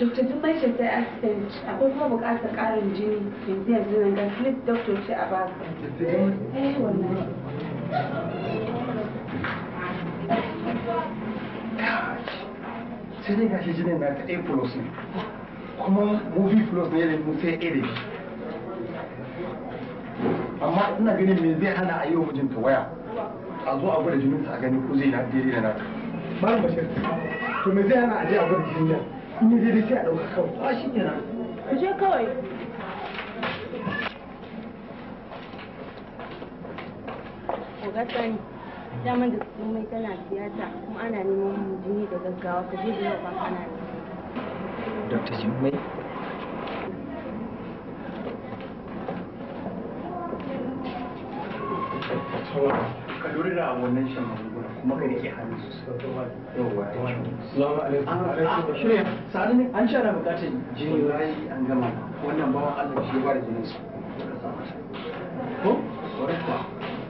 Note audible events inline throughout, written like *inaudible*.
Dr. Jummai ce ta accident akwai kuma buƙatar jini yanzu yanzu nan ga clip doctor ce a baka. Eh wallahi. Sai dai gashi na ta A plus ne. Kuma movie plus ne da mu A Amma ina ganin me zai hana a yi wa waya. A zo a gwada jininta a gani ko zai na To me a je a in a kawai sani daman da mai tana tiyata kuma ana neman jini da gaggawa ka je da ba ne Thank you. ka lura da wannan shan magunguna kuma ka rike hannu yawa sani ah, ah, an sha bukatar jini rayi an gama wannan bawan allah shi ba da jinin su ko korekta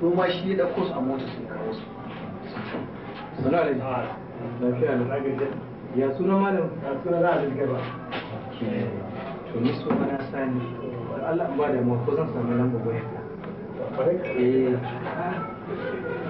ko ma shi ya dauko a mota sai kawo su alaikum ah, lafiya ne ya suna malam ya suna za a jirgin ba to ni so mana sani Allah ba da mu ko zan samu lambar waya eh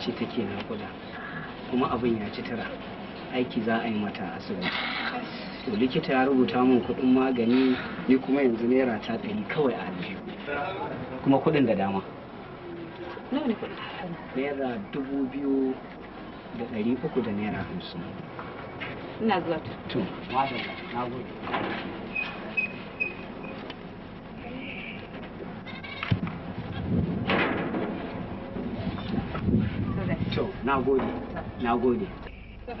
ce take nakuda kuma abin ya ci tara aiki za a yi mata asibiti to likita ya rubuta min kuɗin magani ni kuma yanzu naira ta ɗari kawai a biyu kuma kuɗin da dama naira dubu biyu da ɗari uku da naira hamsin ina zuwa to na gode na gode na gode da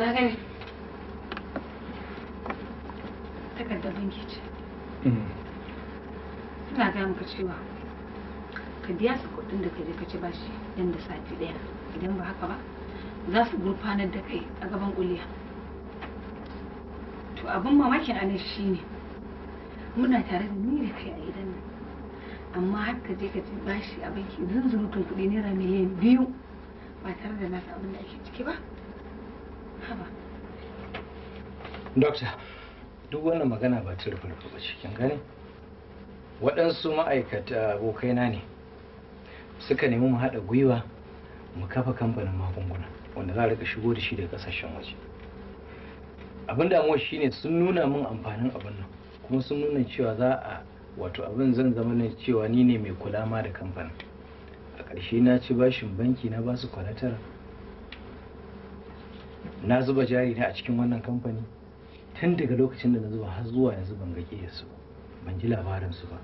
na gani takardar banki ce hmm. ina gaya maka cewa ka biya su kuɗin da ka je ka ci bashi yan da sati ɗaya idan ba haka ba za su gurfanar da kai a gaban kuliya to abin mamakin a shi ne muna tare da ni da kai a idan nan amma har ka je ka ci bashi a banki zunzurutun kuɗi naira miliyan biyu ba tare da nasa abin da ake ciki ba Dokta, duk wannan magana ba ta rufe rufe ba cikin gani? Waɗansu ma'aikata abokaina ne suka nemi mu haɗa gwiwa mu kafa kamfanin magunguna wanda za a rika shigo da shi daga ƙasashen waje. Abin damuwa shine sun nuna min amfanin abin nan kuma sun nuna cewa za a wato abin zan zama ne cewa ni ne mai kula ma da kamfanin. A ƙarshe na ci bashin banki na basu kwalatar na zuba jari na a cikin wannan kamfanin. tun daga lokacin da na zuwa har zuwa yanzu ban ga su ban ji labarin su ba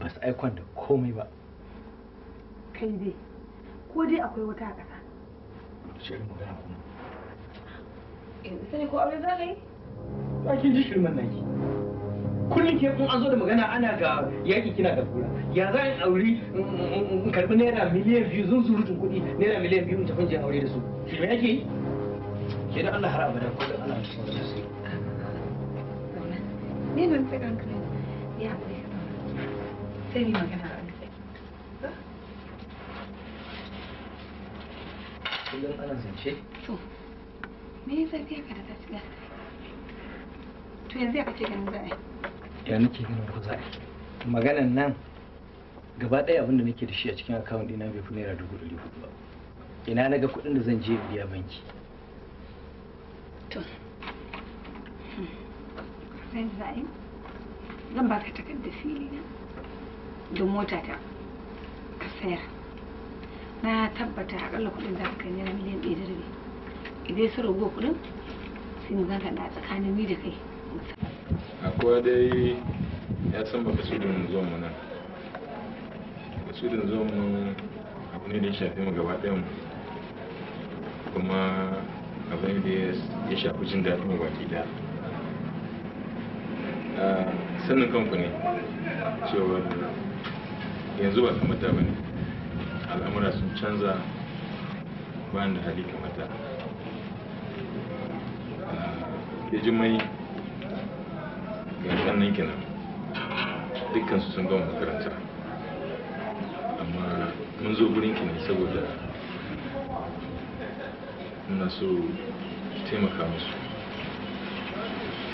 ba su aikon da komai ba kai dai ko dai akwai wata a ƙasa shirin magana kuma sani ko aure za ka yi ba kin ji shirman naki kullum ke kun an zo da magana ana ga yaƙi kina da kura ya za a auri in karɓi naira miliyan biyu zun surutun kuɗi naira miliyan biyu in tafi jin aure da su shirme yake yi ke da Allah har abada ko da Allah mutum da su Nee, dan vind ik een knip. Ja, nee. Zeg niet meer naar Kullum ana zance? To, me ya ka To yanzu ya ku za'a Maganan nan gaba ɗaya abinda da nake da shi a cikin akawun ɗina bai fi naira dubu ɗari hudu ba. Ina na ga kuɗin da zan je biya banki. san da za'a zan baka takardar fili na da motata ka sayar na tabbata akalla kudin za ka kai naira miliyan ɗaya da rabi idan su rago kudin sai mu ganka na tsakanin ni da kai a kowa dai ya san baka sudin zuwan mu nan sudin zuwan mu abu ne da ya shafi mu gaba ɗayan kuma abin da ya shafi jin daɗin mu baki ɗaya Sannan kanku ne cewa yanzu ba kamar ba bane al'amura sun canza ba da hali kamar da ke ah, ji mai ga sannan kenan dukkan su sun gama makaranta amma mun zo gurin ki saboda muna so taimaka musu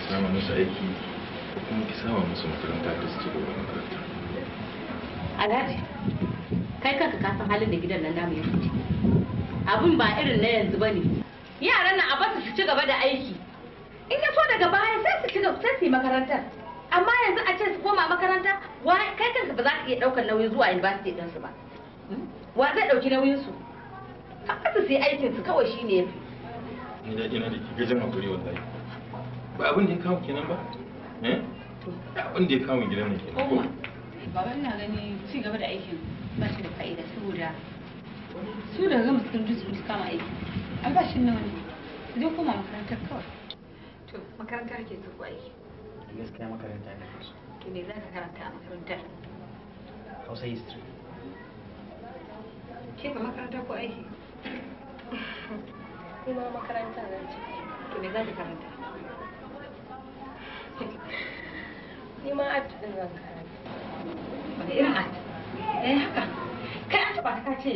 sama musu aiki ko kuma ki sama musu makaranta da su ci gaba makaranta alhaji kai kanka ka san halin da gidan nan damu ya ciki abin ba irin na yanzu ba ne. yaran nan a basu su ci gaba da aiki in ya so daga baya sai su ci gaba sai su yi makarantar amma yanzu a ce su koma makaranta wa kai kanka ba za ka iya daukar nauyin zuwa university din ba hmm? wa zai ɗauki nauyin su fa su yi aikin su kawai ya fi. ni da ina da ke gajin hakuri wallahi ba abin da ya kawo kenan ba Hmm? abin da ya kama gidan nan kenan ko baba ina gani ci gaba da aikin ba shi da fa'ida saboda su da gama sun ji su kama aiki an ba shi nawa ne su dai koma makarantar kawai to makarantar ke so ko aiki gaskiya makaranta ne to ne za ka karanta a makarantar hausa history ke ba makaranta ko aiki kuma makaranta na ce to ne za ka karanta ni ma art din zan karanta wani irin art eh haka kai an taba ka ce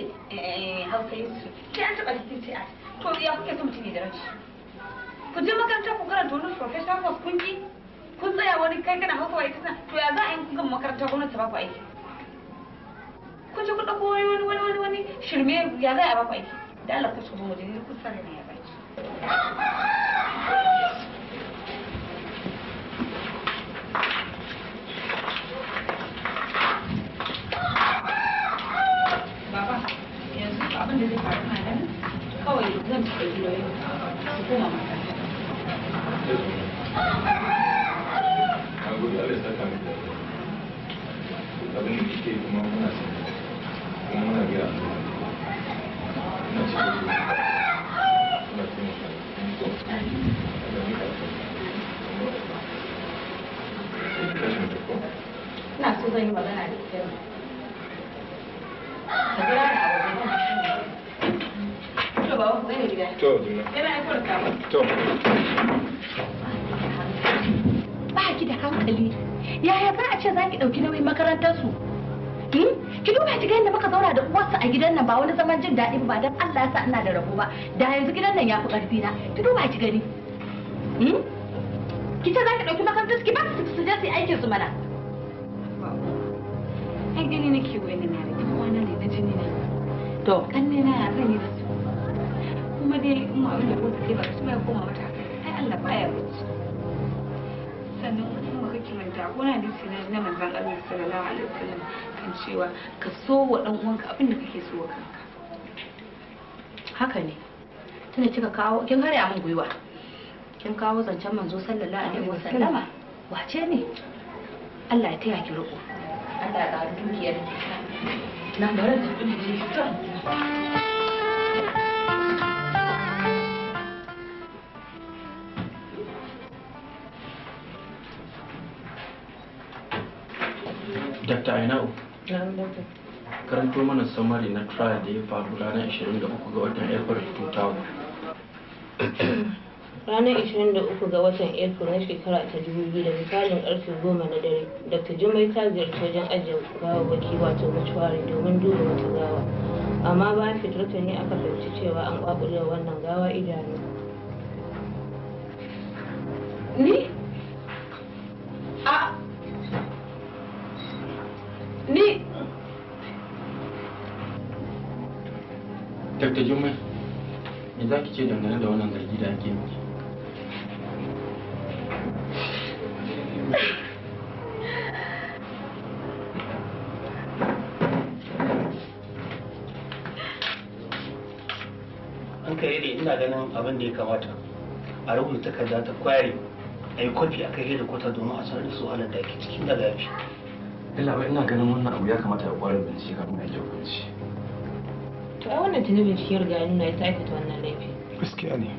hausa eh, yusuf kai an taba ka ce art to ya kuke son mutum ne da rashi ku je makaranta ku karanta wani professor course kun ji kun tsaya wani kai kana hausa wai kana to ya za a yi kun gama makaranta gwamnati ba ku aiki kun je ku dauko wani wani wani wani wani shirme ya za a ba ku aiki da Allah ku shigo mu je ni kun sanar da ya baki 没有，不可能。to ba ki da hankali yaya za a ce za ki ɗauki nauyin makarantarsu hmm? ki duba ki ga yadda muka zauna da uwarsa a gidan nan ba wani zaman jin daɗi ba dan Allah ya sa ina da rabo ba da yanzu gidan nan ya fi ƙarfi na ki duba ki gani hmm? ki ce za ki ɗauki makarantar ki ba su su je su yi aikin su mana ai gani nake wani na da kuma na ne na jini na to kan ne na zan yi da su kuma dai in ma abin da kuma take ba kuma ya koma mata ai Allah baya bacci sannan kuma kake manta ko na dinki na na manzon Allah sallallahu alaihi wasallam kan cewa ka so wa dan uwanka abin da kake so wa kanka haka ne tunda kika kawo kin kare min gwiwa kin kawo zancen manzo sallallahu alaihi wasallama wace ne Allah ya taya ki riko Allah ya ƙara dukiyar ki na da rage Dr. Ainau. Karanto mana samari na trial da ya faru ranar 23 ga watan April 2000. *coughs* Ranar 23 ga watan April na shekara ta 2000 da misalin karfe 10 na dare, Dr. Jummai ta ziyarci wajen ajiye gawawwaki wato mutuwari domin duba wata gawa. Amma bayan fitarta ne aka fahimci cewa an kwakulewa wannan gawa idanu. Ni Dr. Jummai, me za ki ce dangane da wannan zargi da ake miki? An kare da ina ganin abin da ya kamata a rubuta takarda ta kwari a yi kwafi a kai da kwata domin a sanar da su halin da ake cikin da lafi. Ila ina ganin wannan abu ya kamata ya kwarar bincike kafin a yi hukunci. to a wannan tunubin shi riga ta aikata wannan laifi gaskiya ne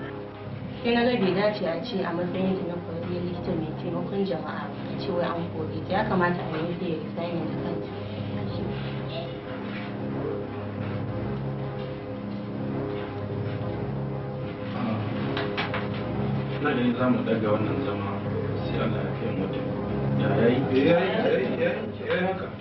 sai na bai dace a ce a matsayin da na kwararriyar likita mai taimakon jama'a a ce an kori ya kamata a yi da da na ganin za daga wannan zama sai Allah ya mutum ya yi yi